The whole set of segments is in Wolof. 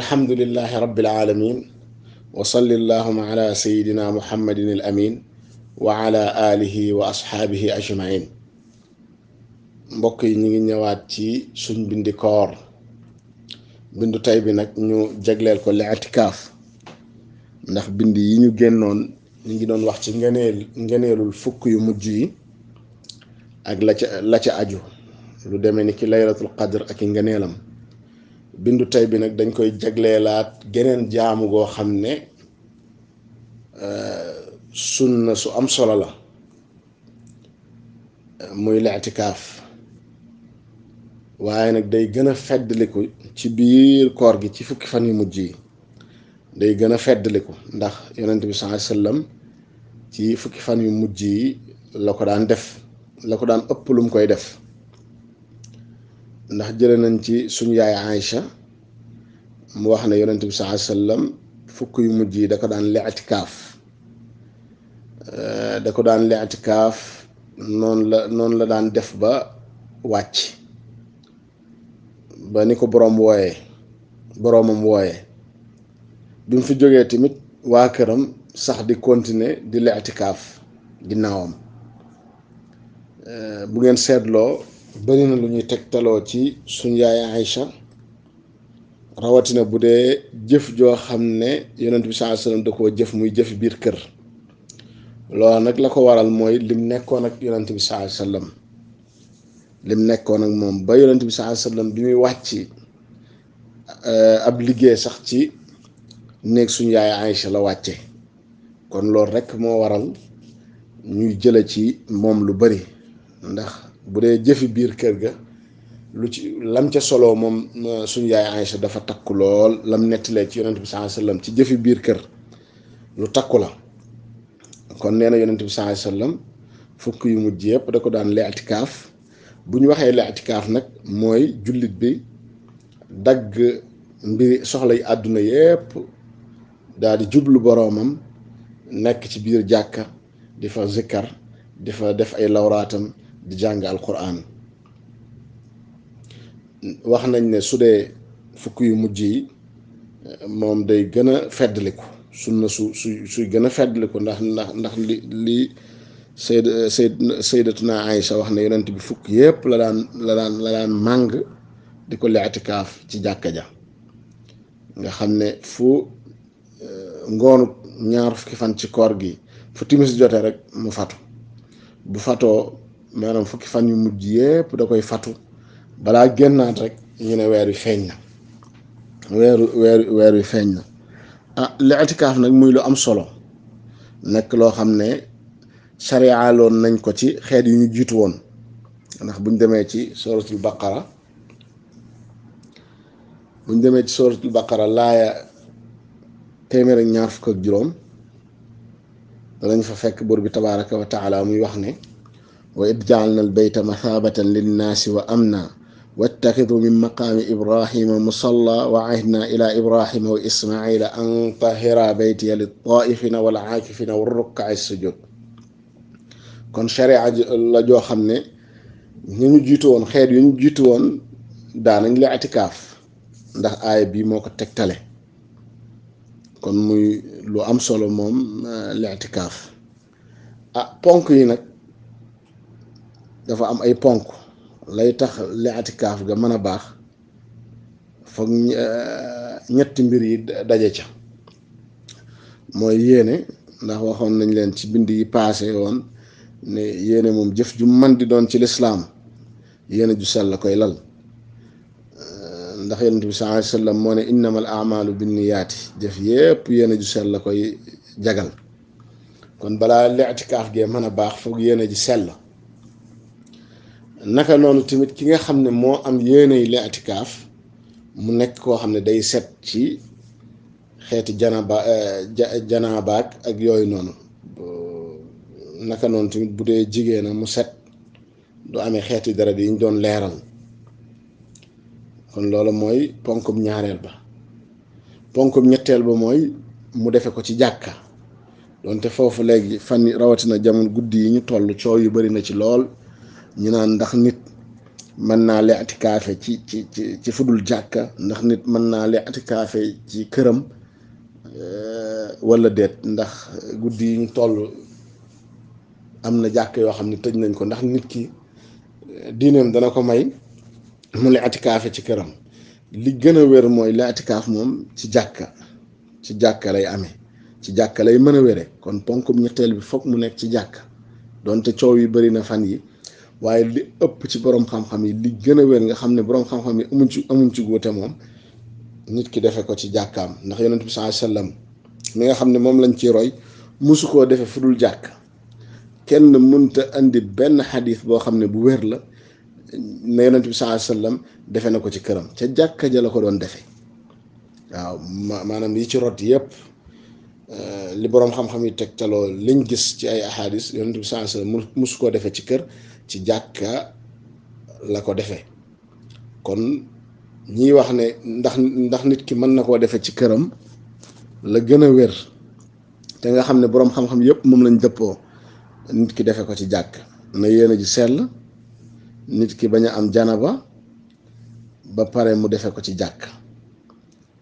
الحمد لله رب العالمين وصل اللهم على سيدنا محمد الأمين وعلى آله وأصحابه أجمعين mbokk yi ñu ngi ñëwaat ci suñ bindi koor bindu tay bi nag ñu jagleel ko li itikaaf ndax bind yi ñu génnoon ñu ngi doon wax ci ngeneel ngeneelul fukk yu mujj yi ak la ca la ca aju lu demee ni ki laylatul qadr ak i ngeneelam bindu tey bi nag dañ koy jagleelaat geneen jaamu goo xam ne euh, sunna su am solo la euh, muy laatikaaf waaye nag day gën a feddliku ci biir koor gi ci fukki fan yu mujj yi day gën a feddliku ndax yonent bi sallallahu alayhi ci fukki fan yu mujj yi la ko daan def la ko daan ëpp lu mu koy def ndax jële nañ ci suñu yaay Aïcha mu wax ne yonent bi saa sallam fukk yu mujj yi da ko daan li'tikaaf euh, da ko daan li'tikaaf noonu la noonu la daan def ba wàcc ba ni ko boroom wooye boroomam wooye bi mu fi jógee tamit waa këram sax di continuer di kaaf ginnaawam euh, bu ngeen seetloo bëri na lu ñuy tegtaloo ci suñ yaay Aïcha rawatina bu dee jëf joo xam ne yonent bi sallallahu alayhi wasallam da koo jëf muy jëf biir kër loolu nag la ko waral mooy lim nekkoon ak yonent bi sallallahu alayhi wasallam lim nekkoon ak moom ba yonent bi sallallahu alayhi wasallam bi muy wàcc eh, ab liggéey sax ci néeg suñ yaay Aïcha la wàcce kon loolu rek moo waral ñuy jële ci moom lu bari ndax bu dee jëfi biir kër ga lu ci lam ca solo moom suñu yaay Aïcha dafa takku lool lam nettalee ci yonent bi sallallahu alayhi wasallam ci jëfi biir kër lu takku la kon nee na yonent bi sallallahu alayhi wasallam fukk yu mujj yëpp da ko daan le'atikaaf bu ñu waxee kaaf nag mooy jullit bi dagg mbiri soxla yi àdduna yëpp daal di jublu boroomam nekk ci biir jàkka di fa zikkar di fa def ay lawraatam di jàng alquran wax nañ ne su dee fukk yu mujj yi moom day gën a feddliku sunna su su suy gën a feddliku ndax ndax ndax li li sayd sayd saydatuna Aïcha wax ne yonent bi fukk yépp la daan la daan màng di ko li'tikaaf ci jàkka ja nga xam ne fu eh, ngoonu ñaar fukki fan ci koor gi fu timis jote rek mu fatu bu fatoo maanaam fukki fan yu mujj yépp da koy fattu balaa génnaat rek ñu ne weeru wi feeñ na weeru weer weer wi feeñ na ah li itikaaf nag muy lu am solo nekk loo xam ne sariyaaloon nañ ko ci xeet yu ñu jiitu woon ndax buñ demee ci suratul baqara buñ demee ci suratul baqara laaya téeméeri ñaar fukk ak juróom danañ fa fekk buur bi tabaaraka wa taala muy wax ne وإذ جعلنا البيت مثابة للناس وأمنا واتخذوا من مقام إبراهيم مصلى وعهدنا إلى إبراهيم وإسماعيل أن طهر بيتي للطائفين والعاكفين والركع السجود كون شريعة الله جو خمني نيو جيتون خير يون جيتون دان نجل اعتكاف ده آية بي موك تكتلي كون مي لو أمسول موم الاعتكاف أه بونك ينك dafa am ay ponk lay tax li atikaf ga meuna bax baax ñetti mbir yi daje ca moy yene ndax waxon nañ len ci bind yi passé won ne yene mom jëf ju man di doon ci l'islam yene ju sall koy lal ndax yene bi sallallahu alayhi wasallam mo ne innamal a'malu binniyaati jëf yépp yene ju sall koy jagal kon bala li atikaf ge meuna bax baax yene ji sall naka noonu tamit ki nga xam ne moo am yéenay li atikaaf mu nekk koo xam ne day set ci xeeti janaba janaabaak ak yooyu noonu naka noonu tamit bu dee jigéena mu set du amee xeeti darab yi ñu doon leeral kon loola mooy ponkum ñaareel ba ponkum ñetteel ba mooy mu defe ko ci jàkka donte foofu léegi fan yi rawatina jamon guddi yi ñu toll coow yu bari na ci lool ñu naan ndax nit mën naa lee atikaafe ci ci ci ci fudul jàkka ndax nit mën naa lee atikaafe ci këram eh, wala déet ndax guddi yi ñu toll am na jàkk yoo xam ne tëj nañ ko ndax nit ki eh, diineem dana ko may mu lee atikaafe ci këram li gën a wér mooy lee moom ci jàkka ci jàkka lay ame ci jàkka lay mën a wére kon ponkum ñetteel bi foog mu nekk ci jàkka donte coow yi bari na fan yi waaye li ëpp ci borom xam-xam yi li gën a wér nga xam ne borom xam-xam yi amuñ ci amuñ ci góote moom nit ki defe ko ci jàkkaam ndax yonent bi sallallahu alayhi wasallam nga xam ne moom lañ ci roy mosu koo defee fu dul jàkk kenn mënta indi benn xadis boo xam ne bu wér la ne yonent bi sallallahu defe na ko ci këram ca jàkka ja la ko doon defee waaw maanaam yi ci rot yépp euh, li borom xam-xam yi tegtaloo liñ gis ci ay ahadis yonent bi sallallahu alayhi wasallam mosu koo defee ci kër. ci jàkka la ko defe kon ñiy wax ne ndax ndax nit ki mën na koo defee ci këram la gën a wér te nga xam ne boroom xam-xam yëpp moom lañ dëppoo nit ki defee ko ci jàkk na yéene ji sell nit ki bañ a am janaba ba pare mu defee ko ci jàkk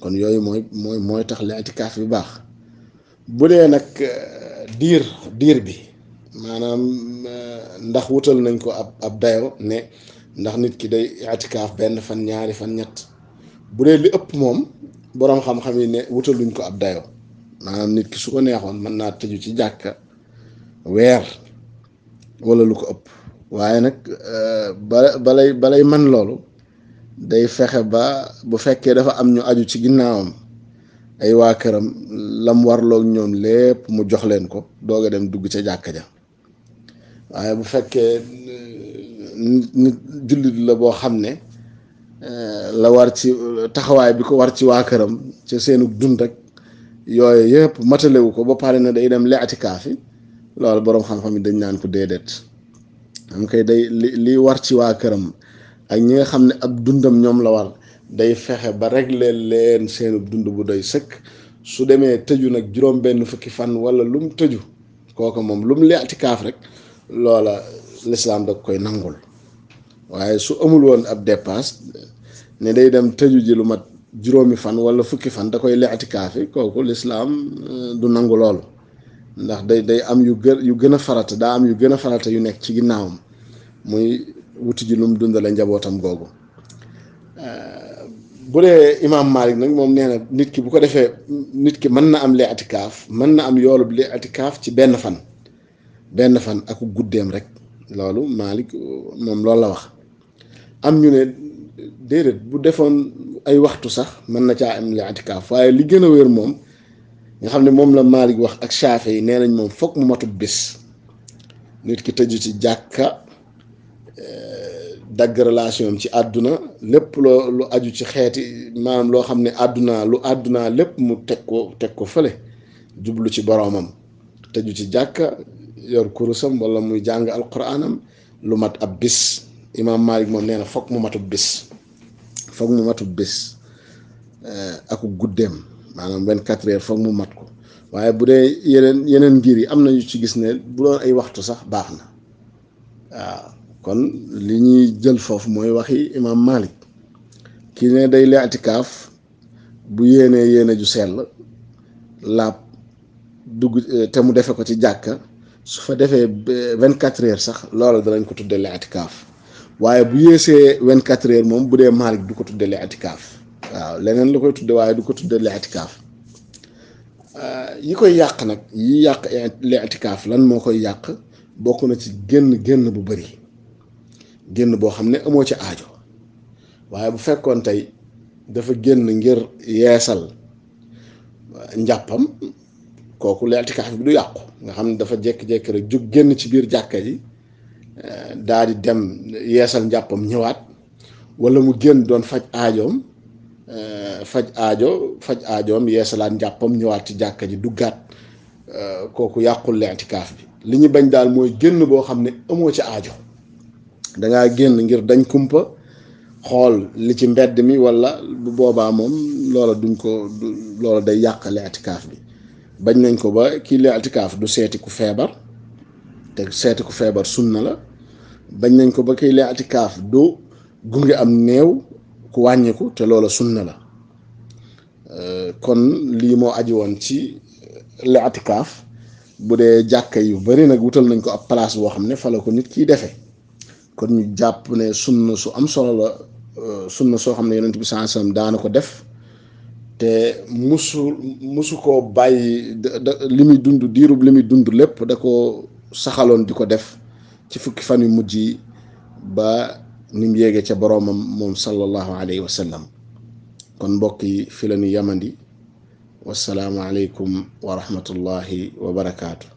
kon yooyu mooy mooy mooy tax li itikaaf yu baax bu dee nag diir diir bi maanaam ndax wutal nañ ko ab ab dayo ne ndax nit ki day itikaaf benn fan ñaari fan ñett bu dee li ëpp moom boroom xam-xam yi ne wutaluñ ko ab dayo maanaam nit ki su ko neexoon mën naa tëju ci jàkka weer wala lu ko ëpp waaye nag euh, ba balay balay man loolu day fexe ba bu fekkee dafa am ñu aju ci ginnaawam ay waa këram lam warloog ñoom lépp mu jox leen ko doog a dem dugg ca jàkka ja waaye bu fekkee nit jullit la boo xam ne eh, la war ci taxawaay bi ko war ci waa këram ci seenu dund rek yooyu yëpp matalewu ko ba pare na day dem li atikaafi loolu boroom xam-xam yi dañ naan ko déedéet am kay day li li war ci waa këram ak ñi nga xam ne ab dundam ñoom la war day fexe ba régler leen leen seenu dund bu doy sëkk su demee tëju nag juróom benn fukki fan wala lum tëju kooka moom lum li kaaf rek loola lislaam da koy nangul waaye su amul woon ab dépasse ne day dem tëju ji lu mat juróomi fan wala fukki fan da koy leetikaafi kooku lislaam euh, du nangu loolu ndax day day am yu gën yu gën a farata daa am yu gën a farata yu nekk ci ginnaawam muy wuti ji lum dundale njabootam googu euh, bu dee imaam Malik nag moom nee nit ki bu ko defee nit ki mën na am leetikaaf mën na am yoolub leetikaaf ci benn fan benn fan aku guddeem rek loolu Malick moom loolu la wax am ñu ne déedéet bu defoon ay waxtu sax mën na caa am li atikaaf waaye li gën a wér moom nga xam ne moom la Malick wax ak Shaafi yi nee nañ moom foog mu matub bis nit ki tëju ci jàkka eh, dagg relation am ci àdduna lépp loo lu aju ci xeeti maanaam loo xam ne àddunaa lu àddunaa lépp mu teg ko teg ko fële jublu ci boroomam tëju ci jàkka yor kurusam wala muy jàng alquraanam lu mat ab bis imaam Malik moom nee na foog mu matub bis foog mu matub bis eh, ak guddeem maanaam vint quatre heures foog mu mat ko waaye bu dee yeneen yeneen ngir yi am na nañu ci gis ne bu doon ay waxtu sax baax na waaw kon li ñuy jël foofu mooy waxi imaam Malik ki ne day kaaf bu yéenee yéene ju sell laab dugg eh, te mu defe ko ci jàkka su fa defee vingt quatre heures sax loola danañ ko tuddee li'tikaaf waaye bu yéesee vingt quatre heures moom bu dee Maalik du ko tuddee li'tikaaf waaw leneen la koy tuddee waaye du ko tuddee li'tikaaf euh, yi koy yàq nag yi yàq li'tikaaf lan moo koy yàq bokk na ci génn génn bu bari génn boo xam ne amoo ci aajo waaye bu fekkoon tey dafa génn ngir yeesal njàppam kooku l'itikaaf bi du yàqu nga xam ne dafa jékki-jékki rek jug génn ci biir jàkka ji eh, daa di dem yeesal njàppam ñëwaat wala mu génn doon faj aajoom eh, faj aajo faj aajoom yeesalaat njàppam ñëwaat ci jàkka ji du duggaat eh, kooku yàqul l'itikaaf bi li ñu bañ daal mooy génn boo xam ne amoo ci aajo dangaa génn ngir dañ kumpa xool li ci mbedd mi walla bu boobaa moom loola duñ ko loola day yàq l'itikaaf bi bañ nañ ko ba kii li kaaf du seeti ku feebar te seeti ku feebar sun na la bañ nañ ko ba kii li kaaf du gunge am néew ku wàññiku te loola na la euh, kon lii moo aji woon ci euh, li altikaaf bu dee jàkka yu bari nag wutal nañ ko ab place boo xam ne fa ko nit kiy defee kon ñu jàpp ne sun na su am solo la euh, sunna soo xam ne yonent bi sallallahu alayhi wasallam daana ko def te musu musu koo bàyyi da li muy dund diirub li muy dund lépp da ko saxaloon di ko def ci fukki fan yu mujj yi ba ni mu yéegee ca boroomam moom sallallahu alayhi wa sallam kon mbokk yi fi la ñu yamandi wasalaamu aleykum wa rahmatullahi